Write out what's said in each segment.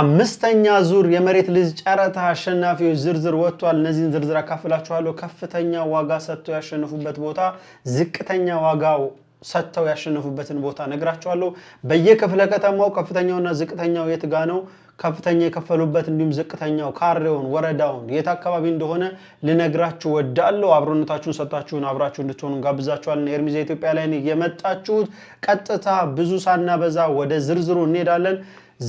አምስተኛ ዙር የመሬት ልጅ ጨረታ አሸናፊዎች ዝርዝር ወጥቷል። እነዚህን ዝርዝር አካፍላችኋለሁ። ከፍተኛ ዋጋ ሰጥተው ያሸነፉበት ቦታ፣ ዝቅተኛ ዋጋ ሰጥተው ያሸነፉበትን ቦታ ነግራችኋለሁ። በየክፍለ ከተማው ከፍተኛውና ዝቅተኛው የት ጋ ነው ከፍተኛ የከፈሉበት እንዲሁም ዝቅተኛው ካሬውን ወረዳውን የት አካባቢ እንደሆነ ልነግራችሁ ወዳለሁ። አብሮነታችሁን ሰጥታችሁን አብራችሁ እንድትሆኑ ጋብዛችኋለን። ኤርሚዛ ኢትዮጵያ ላይ የመጣችሁት ቀጥታ ብዙ ሳናበዛ ወደ ዝርዝሩ እንሄዳለን።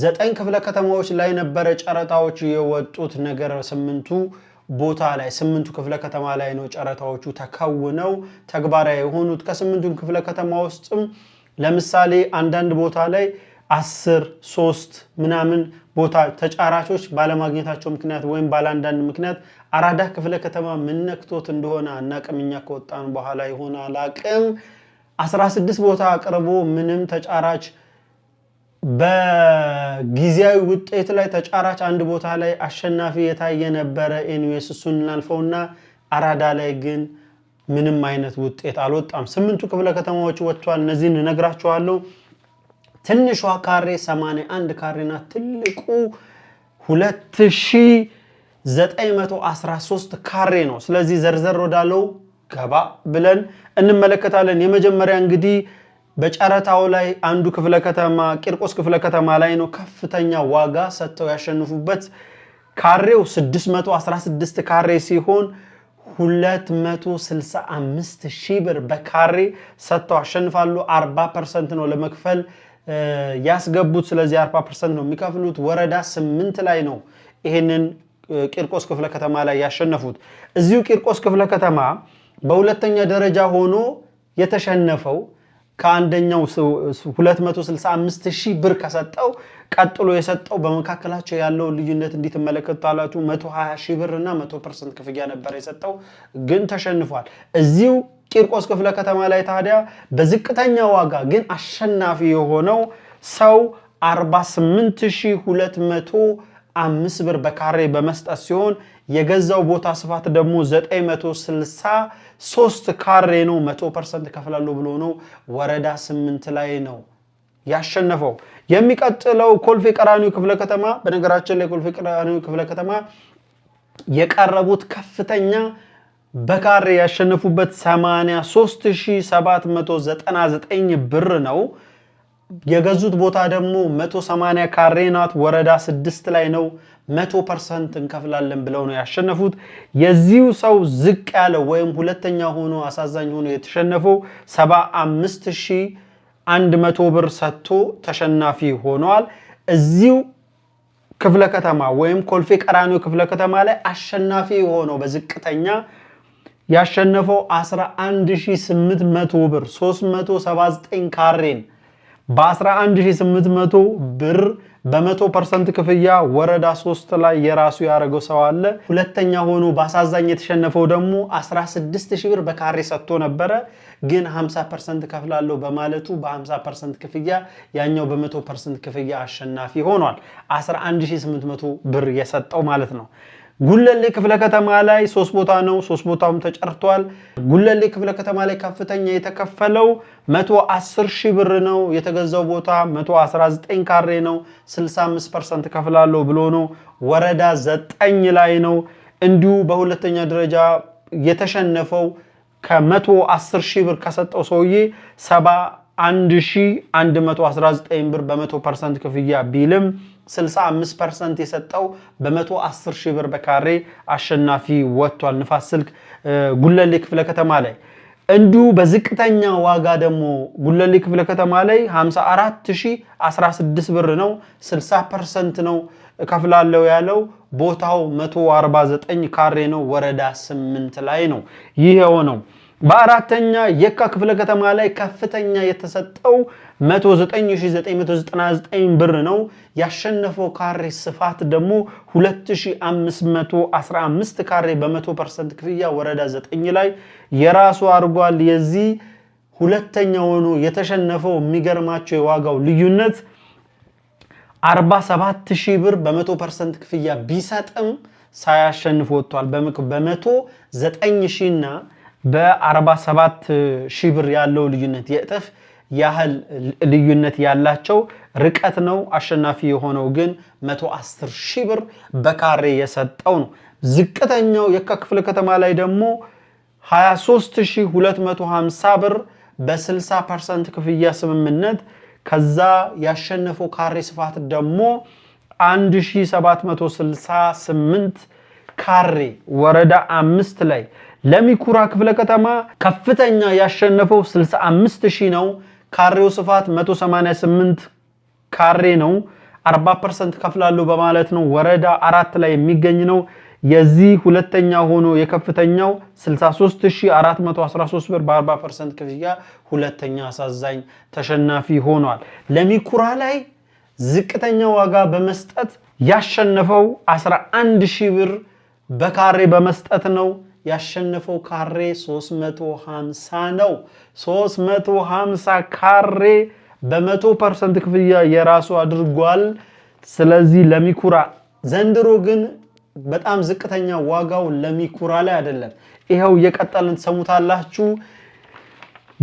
ዘጠኝ ክፍለ ከተማዎች ላይ ነበረ ጨረታዎች የወጡት። ነገር ስምንቱ ቦታ ላይ ስምንቱ ክፍለ ከተማ ላይ ነው ጨረታዎቹ ተከውነው ተግባራዊ የሆኑት። ከስምንቱ ክፍለ ከተማ ውስጥም ለምሳሌ አንዳንድ ቦታ ላይ አስር ሶስት ምናምን ቦታ ተጫራቾች ባለማግኘታቸው ምክንያት ወይም ባለአንዳንድ ምክንያት አራዳ ክፍለ ከተማ ምነክቶት እንደሆነ አናቅም። እኛ ከወጣን በኋላ የሆነ አላቅም 16 ቦታ አቅርቦ ምንም ተጫራች በጊዜያዊ ውጤት ላይ ተጫራች አንድ ቦታ ላይ አሸናፊ የታየ ነበረ። ኤኒዌስ እሱን እናልፈውና አራዳ ላይ ግን ምንም አይነት ውጤት አልወጣም። ስምንቱ ክፍለ ከተማዎች ወጥቷል። እነዚህን እነግራችኋለሁ። ትንሿ ካሬ 81 ካሬ ናት። ትልቁ 2913 ካሬ ነው። ስለዚህ ዘርዘር ወዳለው ገባ ብለን እንመለከታለን። የመጀመሪያ እንግዲህ በጨረታው ላይ አንዱ ክፍለ ከተማ ቂርቆስ ክፍለ ከተማ ላይ ነው ከፍተኛ ዋጋ ሰጥተው ያሸንፉበት። ካሬው 616 ካሬ ሲሆን 265 ሺህ ብር በካሬ ሰጥተው አሸንፋሉ 40 ፐርሰንት ነው ለመክፈል ያስገቡት። ስለዚህ 40 ፐርሰንት ነው የሚከፍሉት። ወረዳ 8 ላይ ነው ይህንን ቂርቆስ ክፍለ ከተማ ላይ ያሸነፉት። እዚሁ ቂርቆስ ክፍለ ከተማ በሁለተኛ ደረጃ ሆኖ የተሸነፈው ከአንደኛው 265 ሺህ ብር ከሰጠው ቀጥሎ የሰጠው በመካከላቸው ያለውን ልዩነት እንዴት ትመለከቱታላችሁ? 120 ሺህ ብር እና 100 ፐርሰንት ክፍያ ነበር የሰጠው፣ ግን ተሸንፏል። እዚሁ ቂርቆስ ክፍለ ከተማ ላይ ታዲያ በዝቅተኛ ዋጋ ግን አሸናፊ የሆነው ሰው 48200 አምስት ብር በካሬ በመስጠት ሲሆን የገዛው ቦታ ስፋት ደግሞ 963 ካሬ ነው። 100 ፐርሰንት ከፍላለሁ ብሎ ነው ወረዳ ስምንት ላይ ነው ያሸነፈው። የሚቀጥለው ኮልፌ ቀራኒዮ ክፍለ ከተማ። በነገራችን ላይ ኮልፌ ቀራኒዮ ክፍለ ከተማ የቀረቡት ከፍተኛ በካሬ ያሸነፉበት 83799 ብር ነው። የገዙት ቦታ ደግሞ 180 ካሬ ናት። ወረዳ ስድስት ላይ ነው። 100 ፐርሰንት እንከፍላለን ብለው ነው ያሸነፉት። የዚሁ ሰው ዝቅ ያለው ወይም ሁለተኛ ሆኖ አሳዛኝ ሆኖ የተሸነፈው 75100 ብር ሰጥቶ ተሸናፊ ሆኗል። እዚሁ ክፍለ ከተማ ወይም ኮልፌ ቀራኒ ክፍለ ከተማ ላይ አሸናፊ ሆኖ በዝቅተኛ ያሸነፈው 11800 ብር 379 ካሬን በ11800 ብር በመቶ ፐርሰንት ክፍያ ወረዳ 3 ላይ የራሱ ያደረገው ሰው አለ። ሁለተኛ ሆኖ በአሳዛኝ የተሸነፈው ደግሞ 16000 ብር በካሬ ሰጥቶ ነበረ፣ ግን 50 ፐርሰንት ከፍላለሁ በማለቱ በ50 ፐርሰንት ክፍያ ያኛው በመቶ ፐርሰንት ክፍያ አሸናፊ ሆኗል። 11800 ብር የሰጠው ማለት ነው። ጉለሌ ክፍለ ከተማ ላይ ሶስት ቦታ ነው። ሶስት ቦታውም ተጨርቷል። ጉለሌ ክፍለ ከተማ ላይ ከፍተኛ የተከፈለው 110 ሺህ ብር ነው። የተገዛው ቦታ 119 ካሬ ነው። 65 ፐርሰንት ከፍላለሁ ብሎ ነው። ወረዳ ዘጠኝ ላይ ነው። እንዲሁ በሁለተኛ ደረጃ የተሸነፈው ከ110 ሺህ ብር ከሰጠው ሰውዬ 70 1119 ብር በ ፐርሰንት ክፍያ ቢልም 65 ፐርሰንት የሰጠው በመቶ 10 ሺህ ብር በካሬ አሸናፊ ወጥቷል። ንፋስ ስልክ ጉለሌ ክፍለ ከተማ ላይ እንዲሁ በዝቅተኛ ዋጋ ደግሞ ጉለሌ ክፍለ ከተማ ላይ 54016 ብር ነው። 60 ፐርሰንት ነው ከፍላለው ያለው ቦታው 149 ካሬ ነው፣ ወረዳ 8 ላይ ነው ይህ የሆነው። በአራተኛ የካ ክፍለ ከተማ ላይ ከፍተኛ የተሰጠው 109999 ብር ነው። ያሸነፈው ካሬ ስፋት ደግሞ 2515 ካሬ በ100 ፐርሰንት ክፍያ ወረዳ 9 ላይ የራሱ አድርጓል። የዚህ ሁለተኛ ሆኖ የተሸነፈው የሚገርማቸው የዋጋው ልዩነት 47 ሺህ ብር በመቶ ፐርሰንት ክፍያ ቢሰጥም ሳያሸንፍ ወጥቷል። በመቶ 9 እና በ47 ሺህ ብር ያለው ልዩነት የእጥፍ ያህል ልዩነት ያላቸው ርቀት ነው። አሸናፊ የሆነው ግን 110 ሺህ ብር በካሬ የሰጠው ነው። ዝቅተኛው የካ ክፍለ ከተማ ላይ ደግሞ 23250 ብር በ60 ፐርሰንት ክፍያ ስምምነት ከዛ ያሸነፈው ካሬ ስፋት ደግሞ 1768 ካሬ ወረዳ አምስት ላይ ለሚኩራ ክፍለ ከተማ ከፍተኛ ያሸነፈው 65 ሺህ ነው። ካሬው ስፋት 188 ካሬ ነው። 40% ከፍላሉ በማለት ነው። ወረዳ አራት ላይ የሚገኝ ነው። የዚህ ሁለተኛ ሆኖ የከፍተኛው 63413 ብር በ40% ክፍያ ሁለተኛ አሳዛኝ ተሸናፊ ሆኗል። ለሚኩራ ላይ ዝቅተኛ ዋጋ በመስጠት ያሸነፈው 11 ሺህ ብር በካሬ በመስጠት ነው። ያሸነፈው ካሬ 350 ነው። 350 ካሬ በመቶ ፐርሰንት ክፍያ የራሱ አድርጓል። ስለዚህ ለሚኩራ ዘንድሮ ግን በጣም ዝቅተኛ ዋጋው ለሚኩራ ላይ አይደለም። ይኸው እየቀጠልን ትሰሙታላችሁ።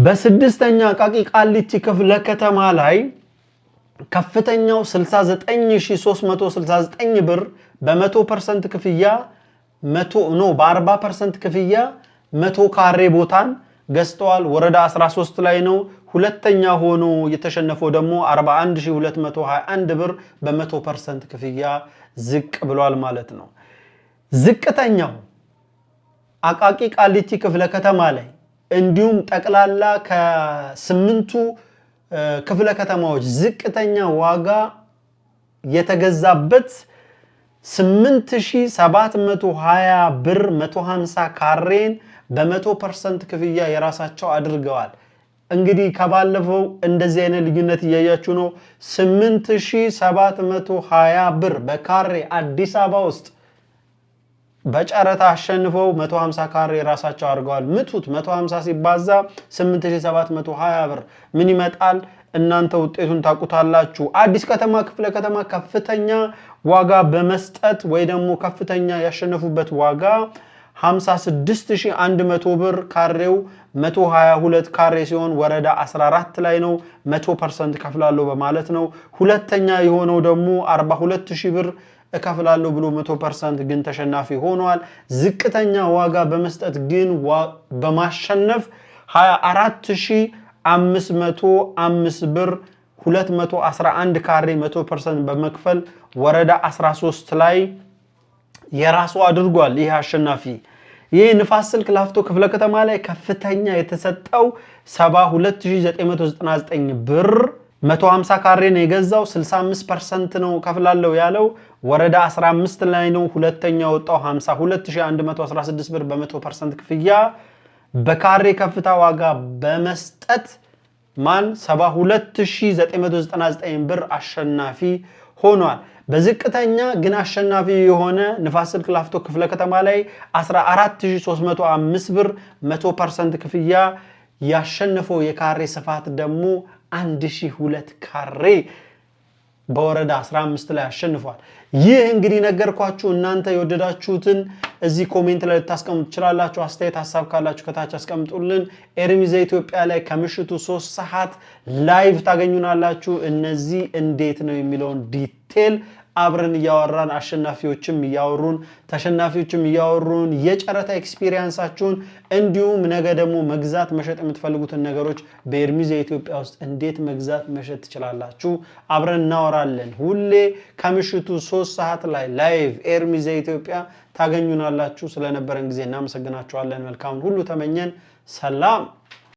በስድስተኛ አቃቂ ቃሊቲ ክፍለ ከተማ ላይ ከፍተኛው 69369 ብር በመቶ ፐርሰንት ክፍያ መቶ ኖ በአርባ ፐርሰንት ክፍያ መቶ ካሬ ቦታን ገዝተዋል። ወረዳ 13 ላይ ነው። ሁለተኛ ሆኖ የተሸነፈው ደግሞ 41221 ብር በመቶ ፐርሰንት ክፍያ ዝቅ ብሏል ማለት ነው። ዝቅተኛው አቃቂ ቃሊቲ ክፍለ ከተማ ላይ እንዲሁም ጠቅላላ ከስምንቱ ክፍለ ከተማዎች ዝቅተኛ ዋጋ የተገዛበት 8720 ብር 150 ካሬን በ ፐርሰንት ክፍያ የራሳቸው አድርገዋል። እንግዲህ ከባለፈው እንደዚህ አይነት ልዩነት እያያችሁ ነው። 8720 ብር በካሬ አዲስ አበባ ውስጥ በጨረታ አሸንፈው 150 ካሬ የራሳቸው አድርገዋል። ምቱት 150 ሲባዛ 8720 ብር ምን ይመጣል? እናንተ ውጤቱን ታውቁታላችሁ። አዲስ ከተማ ክፍለ ከተማ ከፍተኛ ዋጋ በመስጠት ወይ ደግሞ ከፍተኛ ያሸነፉበት ዋጋ 56100 ብር ካሬው 122 ካሬ ሲሆን ወረዳ 14 ላይ ነው። 100 ከፍላለሁ በማለት ነው። ሁለተኛ የሆነው ደግሞ 42000 ብር እከፍላለሁ ብሎ 100 ግን ተሸናፊ ሆኗል። ዝቅተኛ ዋጋ በመስጠት ግን በማሸነፍ 24000 505 ብር 211 ካሬ 100% በመክፈል ወረዳ 13 ላይ የራሱ አድርጓል። ይህ አሸናፊ ይህ ንፋስ ስልክ ላፍቶ ክፍለ ከተማ ላይ ከፍተኛ የተሰጠው 72999 ብር 150 ካሬ ነው የገዛው። 65% ነው ከፍላለው ያለው ወረዳ 15 ላይ ነው። ሁለተኛ ወጣው 52116 ብር በ100% ክፍያ በካሬ ከፍታ ዋጋ በመስጠት ማን 72999 ብር አሸናፊ ሆኗል። በዝቅተኛ ግን አሸናፊ የሆነ ንፋስ ስልክ ላፍቶ ክፍለ ከተማ ላይ 14305 ብር 100 ክፍያ ያሸነፈው የካሬ ስፋት ደግሞ 1002 ካሬ በወረዳ 15 ላይ አሸንፏል። ይህ እንግዲህ ነገርኳችሁ። እናንተ የወደዳችሁትን እዚህ ኮሜንት ላይ ልታስቀምጡ ትችላላችሁ። አስተያየት ሀሳብ ካላችሁ ከታች አስቀምጡልን። ኤርሚ ኢትዮጵያ ላይ ከምሽቱ ሶስት ሰዓት ላይቭ ታገኙናላችሁ። እነዚህ እንዴት ነው የሚለውን ዲቴል አብረን እያወራን አሸናፊዎችም እያወሩን ተሸናፊዎችም እያወሩን የጨረታ ኤክስፒሪየንሳችሁን እንዲሁም ነገ ደግሞ መግዛት መሸጥ የምትፈልጉትን ነገሮች በኤርሚዝ የኢትዮጵያ ውስጥ እንዴት መግዛት መሸጥ ትችላላችሁ አብረን እናወራለን። ሁሌ ከምሽቱ ሶስት ሰዓት ላይ ላይቭ ኤርሚዝ የኢትዮጵያ ታገኙናላችሁ። ስለነበረን ጊዜ እናመሰግናችኋለን። መልካሙን ሁሉ ተመኘን። ሰላም